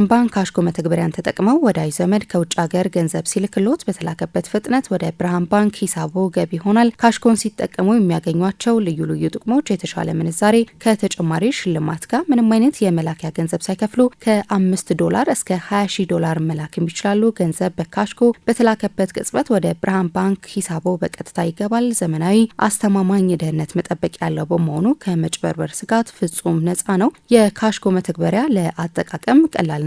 የብርሃን ባንክ ካሽኮ መተግበሪያን ተጠቅመው ወዳጅ ዘመድ ከውጭ ሀገር ገንዘብ ሲልክሎት በተላከበት ፍጥነት ወደ ብርሃን ባንክ ሂሳቦ ገቢ ይሆናል። ካሽኮን ሲጠቀሙ የሚያገኟቸው ልዩ ልዩ ጥቅሞች የተሻለ ምንዛሬ ከተጨማሪ ሽልማት ጋር ምንም አይነት የመላኪያ ገንዘብ ሳይከፍሉ ከአምስት ዶላር እስከ 20 ሺ ዶላር መላክ ይችላሉ። ገንዘብ በካሽኮ በተላከበት ቅጽበት ወደ ብርሃን ባንክ ሂሳቦ በቀጥታ ይገባል። ዘመናዊ፣ አስተማማኝ ደህንነት መጠበቅ ያለው በመሆኑ ከመጭበርበር ስጋት ፍጹም ነፃ ነው። የካሽኮ መተግበሪያ ለአጠቃቀም ቀላል ነው።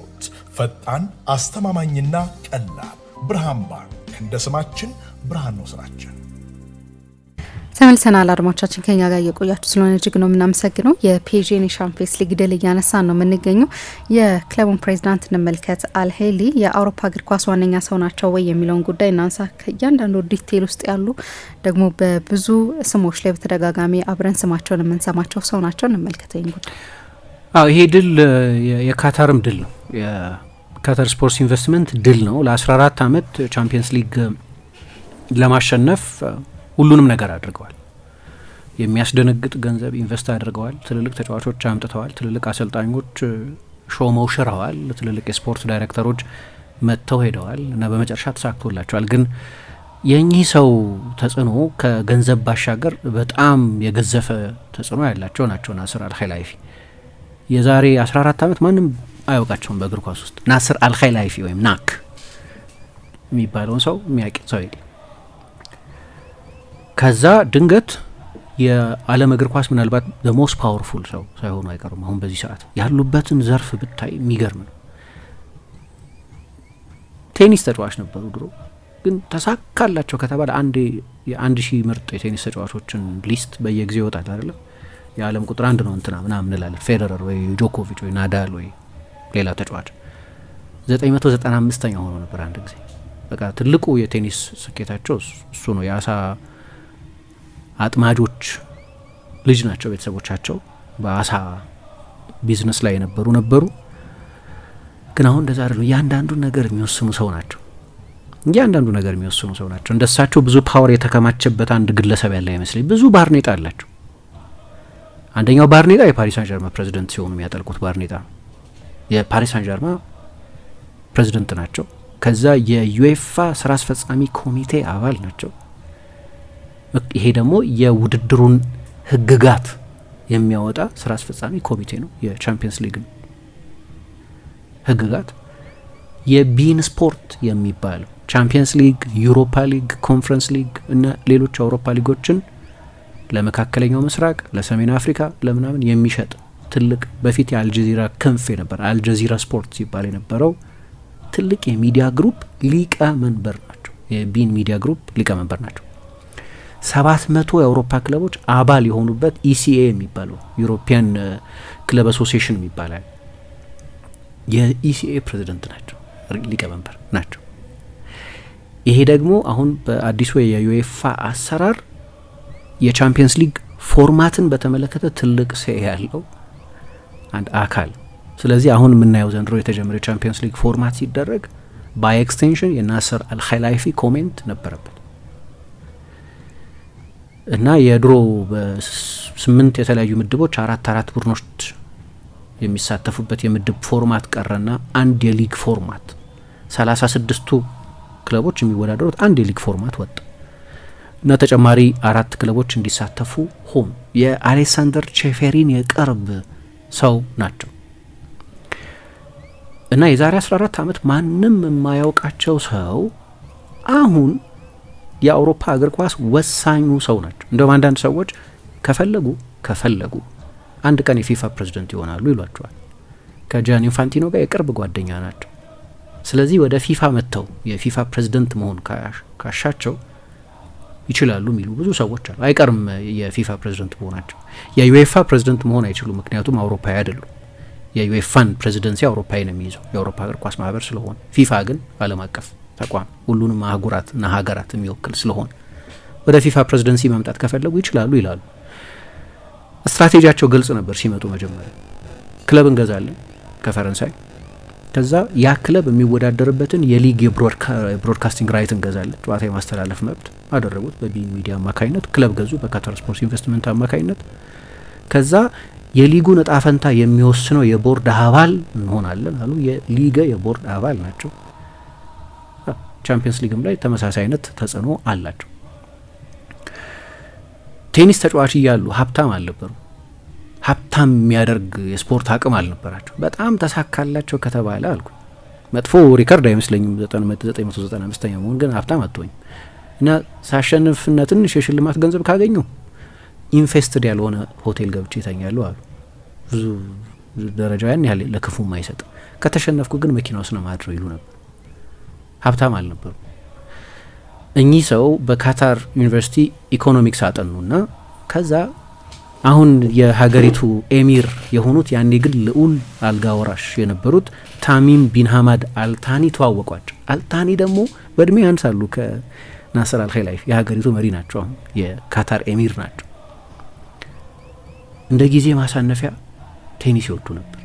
ፈጣን አስተማማኝና ቀላል ብርሃን ባንክ። እንደ ስማችን ብርሃን ነው ስራችን። ተመልሰናል። አድማቻችን ከኛ ጋር እየቆያችሁ ስለሆነ እጅግ ነው የምናመሰግነው። የፔዥን የሻምፒየንስ ሊግ ድል እያነሳን ነው የምንገኘው። የክለቡን ፕሬዚዳንት እንመልከት። አልሄሊ የአውሮፓ እግር ኳስ ዋነኛ ሰው ናቸው ወይ የሚለውን ጉዳይ እናንሳ። ከእያንዳንዱ ዲቴል ውስጥ ያሉ ደግሞ በብዙ ስሞች ላይ በተደጋጋሚ አብረን ስማቸውን የምንሰማቸው ሰው ናቸው። እንመልከተኝ ጉዳይ አዎ ይሄ ድል የካታርም ድል ነው። የካታር ስፖርትስ ኢንቨስትመንት ድል ነው። ለ14 ዓመት ቻምፒየንስ ሊግ ለማሸነፍ ሁሉንም ነገር አድርገዋል። የሚያስደነግጥ ገንዘብ ኢንቨስት አድርገዋል። ትልልቅ ተጫዋቾች አምጥተዋል። ትልልቅ አሰልጣኞች ሾመው ሽረዋል። ትልልቅ የስፖርት ዳይሬክተሮች መጥተው ሄደዋል እና በመጨረሻ ተሳክቶላቸዋል። ግን የእኚህ ሰው ተጽዕኖ ከገንዘብ ባሻገር በጣም የገዘፈ ተጽዕኖ ያላቸው ናቸው ናስር አልኸላይፊ የዛሬ 14 ዓመት ማንም አያውቃቸውም በእግር ኳስ ውስጥ ናስር አልኸላይፊ ወይም ናክ የሚባለውን ሰው የሚያውቅ ሰው የለም። ከዛ ድንገት የዓለም እግር ኳስ ምናልባት ሞስት ፓወርፉል ሰው ሳይሆኑ አይቀሩም። አሁን በዚህ ሰዓት ያሉበትን ዘርፍ ብታይ የሚገርም ነው። ቴኒስ ተጫዋች ነበሩ ድሮ፣ ግን ተሳካላቸው ከተባለ አንድ የአንድ ሺህ ምርጥ የቴኒስ ተጫዋቾችን ሊስት በየጊዜው ይወጣል አይደለም የዓለም ቁጥር አንድ ነው እንትና ምናምን እንላለን። ፌዴረር ወይ ጆኮቪች ወይ ናዳል ወይ ሌላ ተጫዋች ዘጠኝ መቶ ዘጠና አምስተኛ ሆኖ ነበር አንድ ጊዜ። በቃ ትልቁ የቴኒስ ስኬታቸው እሱ ነው። የአሳ አጥማጆች ልጅ ናቸው። ቤተሰቦቻቸው በአሳ ቢዝነስ ላይ የነበሩ ነበሩ። ግን አሁን እንደዛ አይደለም። እያንዳንዱ ነገር የሚወስኑ ሰው ናቸው። እያንዳንዱ ነገር የሚወስኑ ሰው ናቸው። እንደሳቸው ብዙ ፓወር የተከማቸበት አንድ ግለሰብ ያለ አይመስለኝ። ብዙ ባርኔጣ አላቸው። አንደኛው ባርኔጣ የፓሪስ ሳን ጀርማ ፕሬዚደንት ሲሆኑ የሚያጠልቁት ባርኔጣ ነው። የፓሪስ ሳን ጀርማ ፕሬዚደንት ናቸው። ከዛ የዩኤፋ ስራ አስፈጻሚ ኮሚቴ አባል ናቸው። ይሄ ደግሞ የውድድሩን ህግጋት የሚያወጣ ስራ አስፈጻሚ ኮሚቴ ነው። የቻምፒየንስ ሊግን ህግጋት የቢን ስፖርት የሚባለው ቻምፒየንስ ሊግ፣ ዩሮፓ ሊግ፣ ኮንፈረንስ ሊግ እና ሌሎች አውሮፓ ሊጎችን ለመካከለኛው ምስራቅ፣ ለሰሜን አፍሪካ ለምናምን የሚሸጥ ትልቅ በፊት የአልጀዚራ ክንፍ የነበረ አልጀዚራ ስፖርት ሲባል የነበረው ትልቅ የሚዲያ ግሩፕ ሊቀ መንበር ናቸው። የቢን ሚዲያ ግሩፕ ሊቀ መንበር ናቸው። ሰባት መቶ የአውሮፓ ክለቦች አባል የሆኑበት ኢሲኤ የሚባለው ዩሮፒያን ክለብ አሶሲሽን የሚባላል የኢሲኤ ፕሬዚደንት ናቸው፣ ሊቀመንበር ናቸው። ይሄ ደግሞ አሁን በአዲሱ የዩኤፋ አሰራር የቻምፒየንስ ሊግ ፎርማትን በተመለከተ ትልቅ ሴ ያለው አንድ አካል። ስለዚህ አሁን የምናየው ዘንድሮ የተጀመረ የቻምፒየንስ ሊግ ፎርማት ሲደረግ ባይ ኤክስቴንሽን የናስር አልኸላይፊ ኮሜንት ነበረበት እና የድሮ በስምንት የተለያዩ ምድቦች አራት አራት ቡድኖች የሚሳተፉበት የምድብ ፎርማት ቀረና አንድ የሊግ ፎርማት ሰላሳ ስድስቱ ክለቦች የሚወዳደሩት አንድ የሊግ ፎርማት ወጣ። እና ተጨማሪ አራት ክለቦች እንዲሳተፉ ሆኑ። የአሌክሳንደር ቼፌሪን የቅርብ ሰው ናቸው እና የዛሬ 14 ዓመት ማንም የማያውቃቸው ሰው አሁን የአውሮፓ እግር ኳስ ወሳኙ ሰው ናቸው። እንደውም አንዳንድ ሰዎች ከፈለጉ ከፈለጉ አንድ ቀን የፊፋ ፕሬዝደንት ይሆናሉ ይሏቸዋል። ከጃን ኢንፋንቲኖ ጋር የቅርብ ጓደኛ ናቸው። ስለዚህ ወደ ፊፋ መጥተው የፊፋ ፕሬዝደንት መሆን ካሻቸው ይችላሉ የሚሉ ብዙ ሰዎች አሉ። አይቀርም የፊፋ ፕሬዚደንት መሆናቸው። የዩኤፋ ፕሬዚደንት መሆን አይችሉም፣ ምክንያቱም አውሮፓዊ አይደሉም። የዩኤፋን ፕሬዚደንሲ አውሮፓዊ ነው የሚይዘው የአውሮፓ እግር ኳስ ማህበር ስለሆነ፣ ፊፋ ግን ዓለም አቀፍ ተቋም ሁሉንም አህጉራትና ሀገራት የሚወክል ስለሆነ ወደ ፊፋ ፕሬዚደንሲ መምጣት ከፈለጉ ይችላሉ ይላሉ። ስትራቴጂያቸው ግልጽ ነበር ሲመጡ። መጀመሪያ ክለብ እንገዛለን ከፈረንሳይ ከዛ ያ ክለብ የሚወዳደርበትን የሊግ የብሮድካስቲንግ ራይት እንገዛለን። ጨዋታ የማስተላለፍ መብት አደረጉት። በቢን ሚዲያ አማካኝነት ክለብ ገዙ፣ በካታር ስፖርት ኢንቨስትመንት አማካኝነት። ከዛ የሊጉ እጣ ፈንታ የሚወስነው የቦርድ አባል እንሆናለን አሉ። የሊገ የቦርድ አባል ናቸው። ቻምፒየንስ ሊግም ላይ ተመሳሳይ አይነት ተጽዕኖ አላቸው። ቴኒስ ተጫዋች እያሉ ሀብታም አልነበሩ። ሀብታም የሚያደርግ የስፖርት አቅም አልነበራቸው። በጣም ተሳካላቸው ከተባለ አልኩ መጥፎ ሪከርድ አይመስለኝም። 995ኛ መሆን ግን ሀብታም አትሆኝም። እና ሳሸንፍና ትንሽ የሽልማት ገንዘብ ካገኘው ኢንፌስትድ ያልሆነ ሆቴል ገብቼ ይተኛሉ አሉ። ብዙ ደረጃ ያን ያህል ለክፉ ማይሰጥ ከተሸነፍኩ ግን መኪና ውስጥ ነው ማድረው ይሉ ነበር። ሀብታም አልነበሩ። እኚህ ሰው በካታር ዩኒቨርሲቲ ኢኮኖሚክስ አጠኑና ከዛ አሁን የሀገሪቱ ኤሚር የሆኑት ያኔ ግን ልዑል አልጋ ወራሽ የነበሩት ታሚም ቢን ሀማድ አልታኒ ተዋወቋቸው። አልታኒ ደግሞ በእድሜ ያንሳሉ ከናስር አልኸላይፍ የሀገሪቱ መሪ ናቸው። አሁን የካታር ኤሚር ናቸው። እንደ ጊዜ ማሳነፊያ ቴኒስ ይወዱ ነበር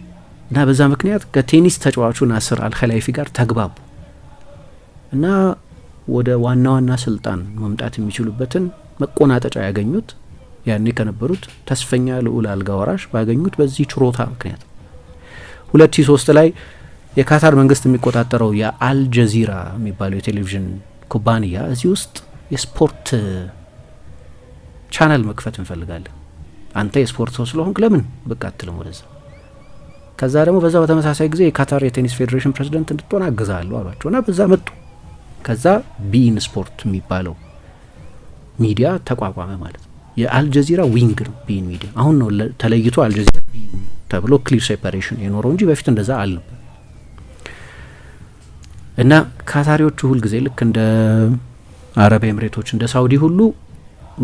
እና በዛ ምክንያት ከቴኒስ ተጫዋቹ ናስር አልኸላይፊ ጋር ተግባቡ እና ወደ ዋና ዋና ስልጣን መምጣት የሚችሉበትን መቆናጠጫ ያገኙት ያኔ ከነበሩት ተስፈኛ ልዑል አልጋ ወራሽ ባገኙት በዚህ ችሮታ ምክንያት ሁለት ሺ ሶስት ላይ የካታር መንግስት የሚቆጣጠረው የአልጀዚራ የሚባለው የቴሌቪዥን ኩባንያ እዚህ ውስጥ የስፖርት ቻናል መክፈት እንፈልጋለን። አንተ የስፖርት ሰው ስለሆንክ ለምን ብቅ አትልም ወደዛ? ከዛ ደግሞ በዛ በተመሳሳይ ጊዜ የካታር የቴኒስ ፌዴሬሽን ፕሬዚደንት እንድትሆን አግዛሉ አሏቸው እና በዛ መጡ። ከዛ ቢኢን ስፖርት የሚባለው ሚዲያ ተቋቋመ ማለት ነው። የአልጀዚራ ዊንግ ነው ቢኢን ሚዲያ። አሁን ነው ተለይቶ አልጀዚራ ተብሎ ክሊር ሴፓሬሽን የኖረው እንጂ በፊት እንደዛ አልነበር። እና ካታሪዎቹ ሁልጊዜ ልክ እንደ አረብ ኤምሬቶች እንደ ሳውዲ ሁሉ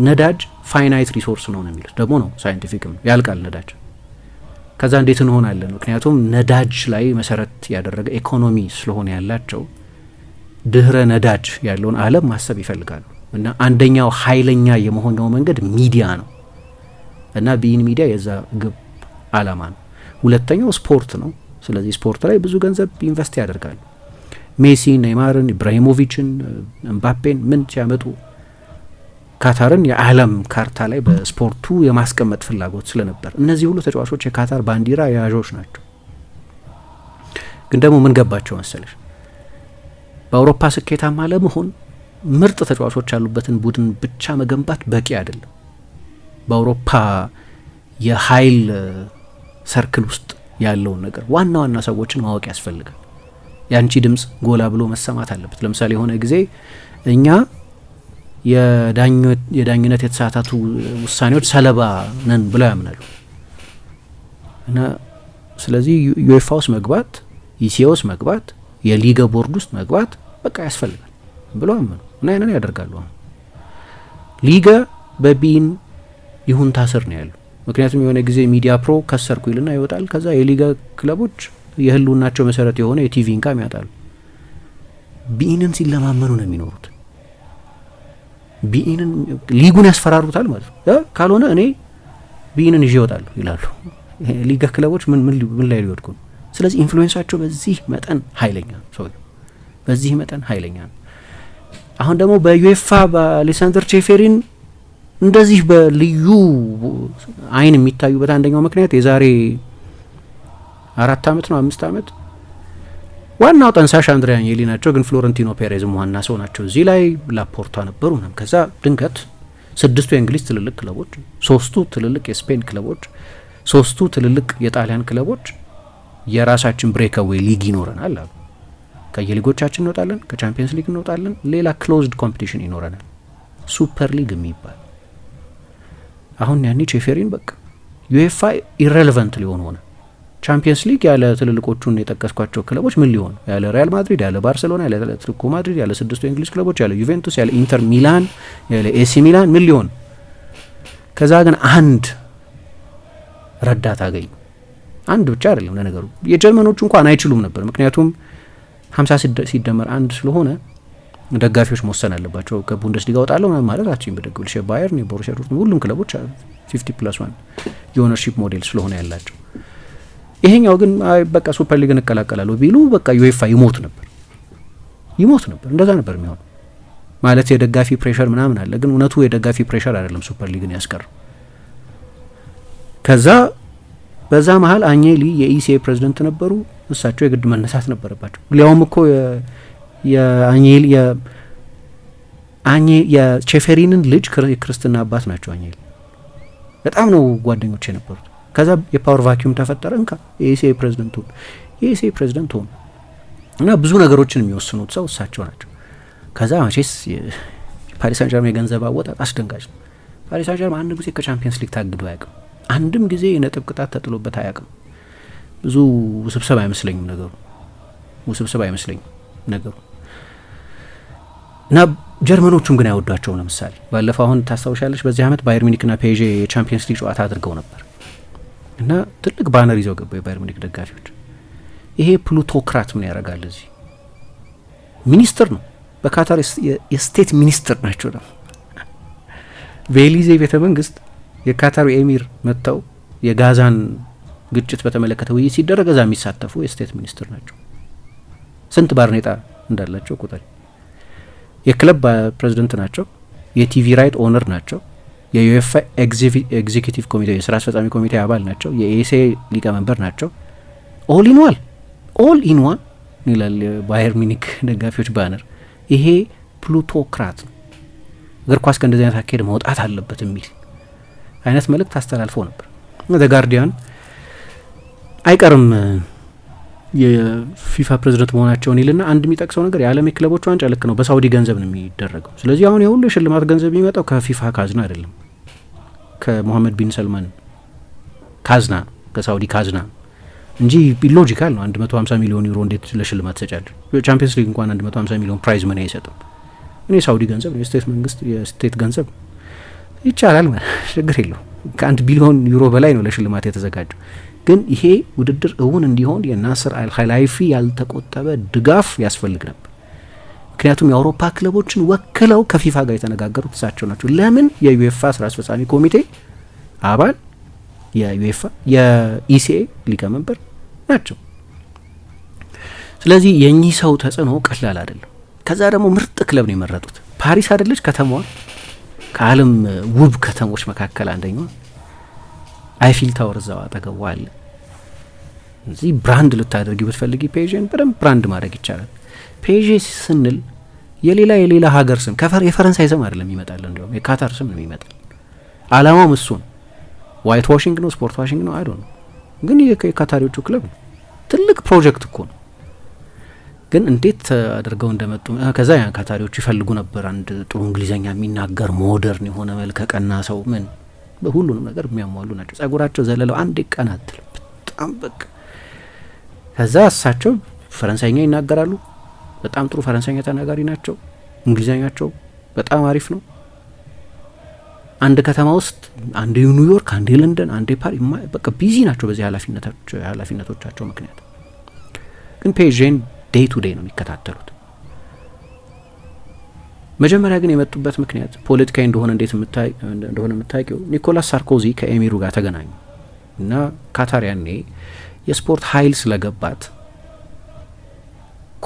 ነዳጅ ፋይናይት ሪሶርስ ነው ነው የሚሉት ደግሞ ነው ሳይንቲፊክም ነው ያልቃል ነዳጅ። ከዛ እንዴት እንሆናለን? ምክንያቱም ነዳጅ ላይ መሰረት ያደረገ ኢኮኖሚ ስለሆነ ያላቸው ድህረ ነዳጅ ያለውን ዓለም ማሰብ ይፈልጋሉ። እና አንደኛው ኃይለኛ የመሆነው መንገድ ሚዲያ ነው እና ቢኢን ሚዲያ የዛ ግብ አላማ ነው። ሁለተኛው ስፖርት ነው። ስለዚህ ስፖርት ላይ ብዙ ገንዘብ ኢንቨስት ያደርጋሉ። ሜሲ፣ ኔይማርን፣ ኢብራሂሞቪችን፣ እምባፔን ምን ሲያመጡ ካታርን የዓለም ካርታ ላይ በስፖርቱ የማስቀመጥ ፍላጎት ስለነበር እነዚህ ሁሉ ተጫዋቾች የካታር ባንዲራ የያዦች ናቸው። ግን ደግሞ ምን ገባቸው መሰለሽ በአውሮፓ ስኬታማ ለመሆን ምርጥ ተጫዋቾች ያሉበትን ቡድን ብቻ መገንባት በቂ አይደለም። በአውሮፓ የኃይል ሰርክል ውስጥ ያለውን ነገር ዋና ዋና ሰዎችን ማወቅ ያስፈልጋል። የአንቺ ድምፅ ጎላ ብሎ መሰማት አለበት። ለምሳሌ የሆነ ጊዜ እኛ የዳኝነት የተሳታቱ ውሳኔዎች ሰለባ ነን ብለው ያምናሉ እና ስለዚህ ዩኤፋ ውስጥ መግባት፣ ኢሲኤ ውስጥ መግባት፣ የሊገ ቦርድ ውስጥ መግባት በቃ ያስፈልጋል ብለው አምኑ። እና ያንን ያደርጋሉ። አሁን ሊጋ በቢን ይሁን ታስር ነው ያሉ። ምክንያቱም የሆነ ጊዜ ሚዲያ ፕሮ ከሰርኩ ይልና ይወጣል። ከዛ የሊጋ ክለቦች የህልውናቸው መሰረት የሆነ የቲቪ ኢንካም ያጣሉ። ቢኢንን ሲለማመኑ ነው የሚኖሩት። ቢኢንን ሊጉን ያስፈራሩታል ማለት ነው። ካልሆነ እኔ ቢኢንን ይዤ ይወጣሉ ይላሉ። ሊጋ ክለቦች ምን ምን ላይ ሊወድቁ ነው? ስለዚህ ኢንፍሉዌንሳቸው በዚህ መጠን ኃይለኛ ሰው በዚህ መጠን ኃይለኛ ነው። አሁን ደግሞ በዩኤፋ በአሌሳንደር ቼፌሪን እንደዚህ በልዩ አይን የሚታዩበት አንደኛው ምክንያት የዛሬ አራት አመት ነው አምስት አመት ዋናው ጠንሳሽ አንድሪያ አኝሊ ናቸው፣ ግን ፍሎረንቲኖ ፔሬዝም ዋና ሰው ናቸው። እዚህ ላይ ላፖርታ ነበሩ ምናምን። ከዛ ድንገት ስድስቱ የእንግሊዝ ትልልቅ ክለቦች፣ ሶስቱ ትልልቅ የስፔን ክለቦች፣ ሶስቱ ትልልቅ የጣሊያን ክለቦች የራሳችን ብሬክአዌይ ሊግ ይኖረናል አሉ። ከየሊጎቻችን እንወጣለን፣ ከቻምፒየንስ ሊግ እንወጣለን። ሌላ ክሎዝድ ኮምፒቲሽን ይኖረናል፣ ሱፐር ሊግ የሚባል አሁን ያኔ ቼፌሪን በቃ ዩኤፋ ኢሬሌቨንት ሊሆን ሆነ። ቻምፒየንስ ሊግ ያለ ትልልቆቹን የጠቀስኳቸው ክለቦች ምን ሊሆን ያለ ሪያል ማድሪድ፣ ያለ ባርሴሎና፣ ያለ አትሌቲኮ ማድሪድ፣ ያለ ስድስቱ የእንግሊዝ ክለቦች፣ ያለ ዩቬንቱስ፣ ያለ ኢንተር ሚላን፣ ያለ ኤሲ ሚላን ምን ሊሆን። ከዛ ግን አንድ ረዳት አገኙ። አንድ ብቻ አይደለም ለነገሩ፣ የጀርመኖቹ እንኳን አይችሉም ነበር ምክንያቱም ሀምሳ ሲደመር አንድ ስለሆነ ደጋፊዎች መወሰን አለባቸው። ከቡንደስሊጋ ወጣለሁ ማለት አችኝ አችን በደግብልሽ ባየርን፣ የቦሩሲያ ዶርትሙንድ ሁሉም ክለቦች ፊፍቲ ፕላስ ዋን የኦነርሺፕ ሞዴል ስለሆነ ያላቸው። ይሄኛው ግን በቃ ሱፐር ሊግን እቀላቀላለሁ ቢሉ በቃ ዩኤፋ ይሞት ነበር ይሞት ነበር። እንደዛ ነበር የሚሆን ማለት የደጋፊ ፕሬሽር ምናምን አለ። ግን እውነቱ የደጋፊ ፕሬሽር አይደለም ሱፐር ሊግን ያስቀር ከዛ በዛ መሀል አኝሊ የኢሲኤ ፕሬዚደንት ነበሩ። እሳቸው የግድ መነሳት ነበረባቸው። ሊያውም እኮ የአኝሊ የቼፌሪንን ልጅ የክርስትና አባት ናቸው። አኝሊ በጣም ነው ጓደኞች የነበሩት። ከዛ የፓወር ቫኪዩም ተፈጠረ። እንካ የኢሲኤ ፕሬዚደንት ሆኑ። የኢሲኤ ፕሬዚደንት ሆኑ እና ብዙ ነገሮችን የሚወስኑት ሰው እሳቸው ናቸው። ከዛ መቼስ ፓሪስ ሳንጀርማ የገንዘብ አወጣት አስደንጋጭ ነው። ፓሪስ ሳንጀርማ አንድ ጊዜ ከቻምፒየንስ ሊግ ታግዶ አያውቅም። አንድም ጊዜ የነጥብ ቅጣት ተጥሎበት አያውቅም። ብዙ ውስብስብ አይመስለኝም ነገሩ ውስብስብ አይመስለኝም ነገሩ እና ጀርመኖቹም ግን አይወዷቸውም። ለምሳሌ ባለፈው አሁን ታስታውሻለች፣ በዚህ ዓመት ባየር ሚኒክና ፔዤ የቻምፒየንስ ሊግ ጨዋታ አድርገው ነበር እና ትልቅ ባነር ይዘው ገባ የባየር ሚኒክ ደጋፊዎች። ይሄ ፕሉቶክራት ምን ያደርጋል እዚህ? ሚኒስትር ነው በካታር የስቴት ሚኒስትር ናቸው። ደግሞ በኤሊዜ ቤተ መንግስት የካታሩ ኤሚር መጥተው የጋዛን ግጭት በተመለከተ ውይይት ሲደረግ እዛ የሚሳተፉ የስቴት ሚኒስትር ናቸው። ስንት ባርኔጣ እንዳላቸው ቁጥር የክለብ ፕሬዚደንት ናቸው። የቲቪ ራይት ኦነር ናቸው። የዩኤፋ ኤግዚኪቲቭ ኮሚቴ የስራ አስፈጻሚ ኮሚቴ አባል ናቸው። የኤሴ ሊቀመንበር ናቸው። ኦል ኢንዋል ኦል ኢንዋን ይላል የባየር ሚኒክ ደጋፊዎች ባነር። ይሄ ፕሉቶክራት ነው። እግር ኳስ ከእንደዚህ አይነት አካሄድ መውጣት አለበት የሚል አይነት መልእክት አስተላልፎ ነበር። ዘ ጋርዲያን አይቀርም የፊፋ ፕሬዝደንት መሆናቸውን ይልና አንድ የሚጠቅሰው ነገር የዓለም የክለቦች ዋንጫ ልክ ነው በሳውዲ ገንዘብ ነው የሚደረገው። ስለዚህ አሁን የሁሉ የሽልማት ገንዘብ የሚመጣው ከፊፋ ካዝና አይደለም፣ ከሞሐመድ ቢን ሰልማን ካዝና ነው፣ ከሳውዲ ካዝና ነው እንጂ ሎጂካል ነው። 150 ሚሊዮን ዩሮ እንዴት ለሽልማት ሰጫል? ቻምፒየንስ ሊግ እንኳን 150 ሚሊዮን ፕራይዝ ምን አይሰጥም። እኔ የሳውዲ ገንዘብ ነው፣ የስቴት መንግስት የስቴት ገንዘብ ይቻላል፣ ችግር የለው። ከአንድ ቢሊዮን ዩሮ በላይ ነው ለሽልማት የተዘጋጀው። ግን ይሄ ውድድር እውን እንዲሆን የናስር አልኸላይፊ ያልተቆጠበ ድጋፍ ያስፈልግ ነበር። ምክንያቱም የአውሮፓ ክለቦችን ወክለው ከፊፋ ጋር የተነጋገሩት እሳቸው ናቸው። ለምን የዩኤፋ ስራ አስፈጻሚ ኮሚቴ አባል የዩኤፋ የኢሲኤ ሊቀመንበር ናቸው። ስለዚህ የእኚህ ሰው ተጽዕኖ ቀላል አይደለም። ከዛ ደግሞ ምርጥ ክለብ ነው የመረጡት። ፓሪስ አይደለች ከተማዋ ከዓለም ውብ ከተሞች መካከል አንደኛ አይፊል ታወር እዛው አጠገቧ አለ። እዚህ ብራንድ ልታደርጊ ብትፈልጊ ፔዥን በደንብ ብራንድ ማድረግ ይቻላል። ፔዥ ስንል የሌላ የሌላ ሀገር ስም የፈረንሳይ ስም አይደለም ይመጣል፣ እንዲሁም የካታር ስም ነው የሚመጣል። አላማውም እሱ ነው። ዋይት ዋሽንግ ነው፣ ስፖርት ዋሽንግ ነው አይዶ ነው፣ ግን የካታሪዎቹ ክለብ ትልቅ ፕሮጀክት እኮ ነው። ግን እንዴት አድርገው እንደመጡ ከዛ ካታሪዎቹ ይፈልጉ ነበር አንድ ጥሩ እንግሊዝኛ የሚናገር ሞደርን የሆነ መልከ ቀና ሰው ምን በሁሉንም ነገር የሚያሟሉ ናቸው። ጸጉራቸው ዘለለው አንድ ቀን አትልም። በጣም በቃ ከዛ እሳቸው ፈረንሳይኛ ይናገራሉ። በጣም ጥሩ ፈረንሳይኛ ተናጋሪ ናቸው። እንግሊዝኛቸው በጣም አሪፍ ነው። አንድ ከተማ ውስጥ አንዴ ኒውዮርክ፣ አንዴ ለንደን፣ አንዴ ፓሪ በቃ ቢዚ ናቸው በዚህ ኃላፊነቶቻቸው ምክንያት ግን ፔዥን ዴይ ቱ ዴይ ነው የሚከታተሉት። መጀመሪያ ግን የመጡበት ምክንያት ፖለቲካዊ እንደሆነ እንዴት እንደሆነ የምታውቂው ኒኮላስ ሳርኮዚ ከኤሚሩ ጋር ተገናኙ እና ካታር ያኔ የስፖርት ኃይል ስለገባት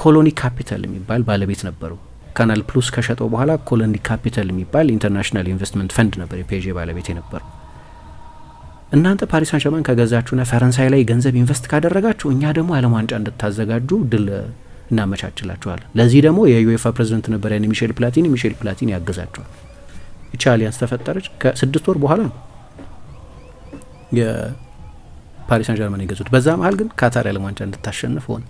ኮሎኒ ካፒታል የሚባል ባለቤት ነበሩ። ካናል ፕሉስ ከሸጠው በኋላ ኮሎኒ ካፒታል የሚባል ኢንተርናሽናል ኢንቨስትመንት ፈንድ ነበር የፔጄ ባለቤት የነበረው። እናንተ ፓሪስ አንሸርማን ከገዛችሁና ፈረንሳይ ላይ ገንዘብ ኢንቨስት ካደረጋችሁ እኛ ደግሞ ዓለም ዋንጫ እንድታዘጋጁ ድል እናመቻችላችኋለን። ለዚህ ደግሞ የዩኤፋ ፕሬዚደንት ነበር ያን ሚሼል ፕላቲኒ፣ ሚሼል ፕላቲኒ ያግዛቸዋል። ይቺ አሊያንስ ተፈጠረች። ከስድስት ወር በኋላ ነው የፓሪስ አንጀርማን የገዙት። በዛ መሀል ግን ካታር የዓለም ዋንጫ እንድታሸንፍ ሆነ።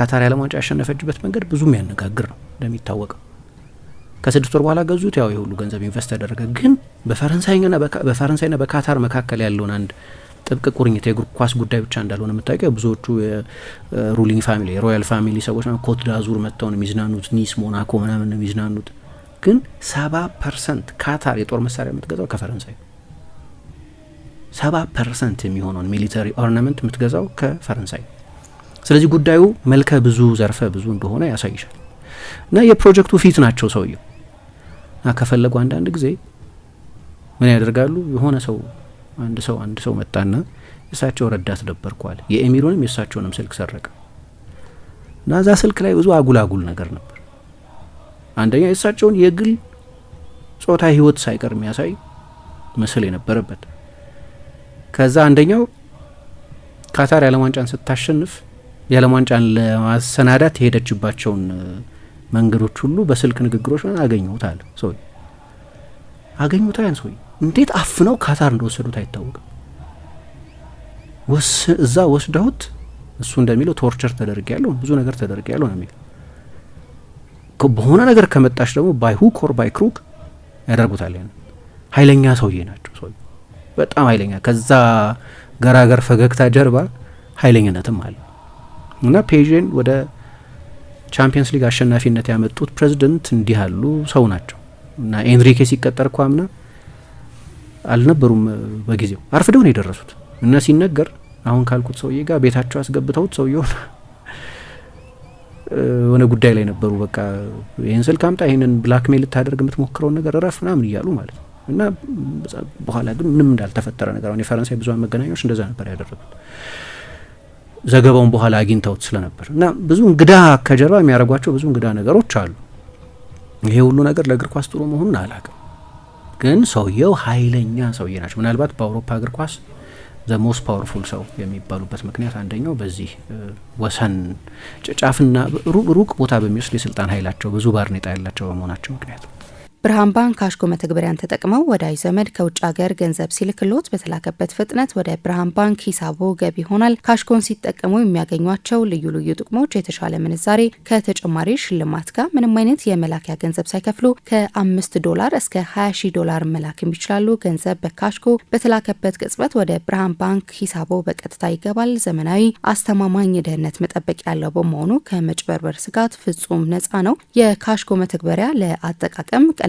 ካታር የዓለም ዋንጫ ያሸነፈችበት መንገድ ብዙ የሚያነጋግር ነው እንደሚታወቀው ከስድስት ወር በኋላ ገዙት። ያው የሁሉ ገንዘብ ኢንቨስት ተደረገ። ግን በፈረንሳይና በካታር መካከል ያለውን አንድ ጥብቅ ቁርኝት የእግር ኳስ ጉዳይ ብቻ እንዳልሆነ የምታውቂው ብዙዎቹ የሩሊንግ ፋሚሊ የሮያል ፋሚሊ ሰዎች ኮት ዳዙር መጥተው ነው የሚዝናኑት። ኒስ፣ ሞናኮ ምናምን ነው የሚዝናኑት። ግን ሰባ ፐርሰንት ካታር የጦር መሳሪያ የምትገዛው ከፈረንሳይ ሰባ ፐርሰንት የሚሆነውን ሚሊተሪ ኦርናመንት የምትገዛው ከፈረንሳይ። ስለዚህ ጉዳዩ መልከ ብዙ ዘርፈ ብዙ እንደሆነ ያሳይሻል። እና የፕሮጀክቱ ፊት ናቸው ሰውየው እና ከፈለጉ አንዳንድ ጊዜ ምን ያደርጋሉ? የሆነ ሰው አንድ ሰው አንድ ሰው መጣና የእሳቸው ረዳት ነበርኳል የኤሚሩንም የእሳቸውንም ስልክ ሰረቀ እና እዛ ስልክ ላይ ብዙ አጉላጉል ነገር ነበር። አንደኛ የእሳቸውን የግል ጾታ ህይወት ሳይቀር የሚያሳይ ምስል የነበረበት ከዛ አንደኛው ካታር የዓለም ዋንጫን ስታሸንፍ የዓለም ዋንጫን ለማሰናዳት የሄደችባቸውን መንገዶች ሁሉ በስልክ ንግግሮች ምን አለ ሰው አገኙት። ያን ሰው እንዴት አፍነው ካታር እንደወሰዱት አይታወቅም። እዛ ወስደውት እሱ እንደሚለው ቶርቸር ተደርግ ያለው ብዙ ነገር ተደርግ ያለው ነው የሚለው በሆነ ነገር ከመጣች ደግሞ ባይ ሁክ ኦር ባይ ክሩክ ያደርጉታል። ያን ኃይለኛ ሰውዬ ናቸው። ሰው በጣም ኃይለኛ ከዛ ገራገር ፈገግታ ጀርባ ኃይለኝነትም አለ እና ፔዥን ወደ ቻምፒየንስ ሊግ አሸናፊነት ያመጡት ፕሬዚደንት እንዲህ ያሉ ሰው ናቸው እና ኤንሪኬ ሲቀጠር እኮ አምና አልነበሩም በጊዜው አርፍደው ነው የደረሱት እና ሲነገር አሁን ካልኩት ሰውዬ ጋር ቤታቸው አስገብተውት ሰውየው የሆነ ጉዳይ ላይ ነበሩ። በቃ ይህን ስልክ አምጣ፣ ይህንን ብላክሜል ልታደርግ የምትሞክረውን ነገር እረፍ ምናምን እያሉ ማለት ነው እና በኋላ ግን ምንም እንዳልተፈጠረ ነገር አሁን የፈረንሳይ ብዙኃን መገናኛዎች እንደዛ ነበር ያደረጉት። ዘገባውን በኋላ አግኝተውት ስለነበር እና ብዙ እንግዳ ከጀርባ የሚያደርጓቸው ብዙ እንግዳ ነገሮች አሉ። ይሄ ሁሉ ነገር ለእግር ኳስ ጥሩ መሆኑን አላውቅም፣ ግን ሰውየው ኃይለኛ ሰውዬ ናቸው። ምናልባት በአውሮፓ እግር ኳስ ዘ ሞስት ፓወርፉል ሰው የሚባሉበት ምክንያት አንደኛው በዚህ ወሰን ጫፍና ሩቅ ቦታ በሚወስድ የስልጣን ኃይላቸው ብዙ ባርኔጣ ያላቸው በመሆናቸው ምክንያት ነው። ብርሃን ባንክ ካሽጎ መተግበሪያን ተጠቅመው ወዳጅ ዘመድ ከውጭ ሀገር ገንዘብ ሲልክሎት በተላከበት ፍጥነት ወደ ብርሃን ባንክ ሂሳቦ ገቢ ይሆናል። ካሽጎን ሲጠቀሙ የሚያገኟቸው ልዩ ልዩ ጥቅሞች የተሻለ ምንዛሬ ከተጨማሪ ሽልማት ጋር ምንም አይነት የመላኪያ ገንዘብ ሳይከፍሉ ከአምስት ዶላር እስከ ሀያ ሺህ ዶላር መላክም ይችላሉ። ገንዘብ በካሽጎ በተላከበት ቅጽበት ወደ ብርሃን ባንክ ሂሳቦ በቀጥታ ይገባል። ዘመናዊ፣ አስተማማኝ ደህንነት መጠበቅ ያለው በመሆኑ ከመጭበርበር ስጋት ፍጹም ነፃ ነው። የካሽጎ መተግበሪያ ለአጠቃቀም ቀ